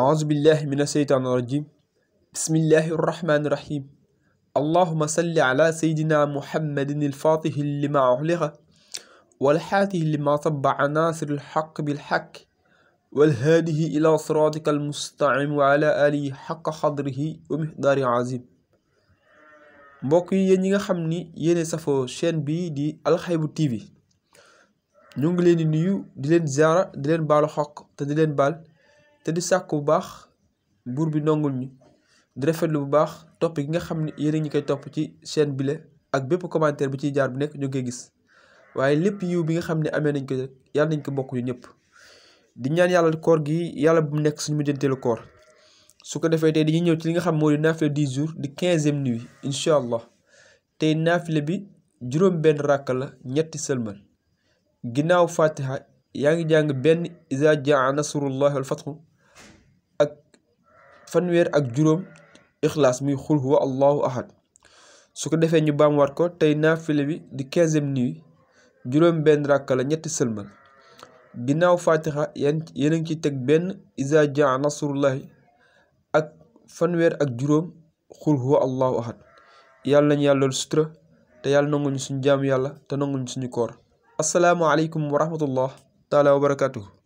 aousubillah min asheytaan irajim bismillahi irrahmani irrahim allahuma salli ala seydina muhammadin ilfaatihi lima uxliqa walxaatihi lima sabaca naasir ilxaq bilxaq walhaadihi ila siraatika almustaqim wa ala alihi xaqa xadrihi wa mixdaari azim mbokk yi yéen ñi nga xam ni yéene safoo chaîne bii di alxaybu tv ñu ngi leen di nuyu di leen ziara di leen baalu xaq te di leen baal te di sàkku bu baax buur bi nongul ñu di rafetlu bu baax topp gi nga xam ne yéen ñi koy topp ci seen bile ak bépp commentaire bi ciy jaar bu nekk ñu koy gis waaye lépp yiw bi nga xam ne amee nañ ko yàlla nañ ko bokk ñu ñëpp di ñaan yàlla koor gi yàlla bu nekk suñu mujjanteelu koor su ko defee tey dañuy ñëw ci li nga xam moo di naafile 10 jours di quinzième nuit incha allah tey naafile bi juróom benn ràkk la ñetti sëlmal ginnaaw fatiha yaa ngi jàng benn iza jaa nasrullahi wal fanweer ak juróom ixlaas muy xul huwa allahu ahad su ko defee ñu baamuwaat ko tey naafile bi di quinzième nuit juróom benn ràkka la ñetti sëlmal ginnaaw fatiha yan yéen a ngi ci teg benn isa jaa nasrullahi ak fanweer ak juróom xul huwa allahu ahad yàlla nañu yàlla sutura te yàlla nanguñu suñu jaamu yàlla te nanguñu suñu koor asalaamaaleykum wa rahmatullah taala wa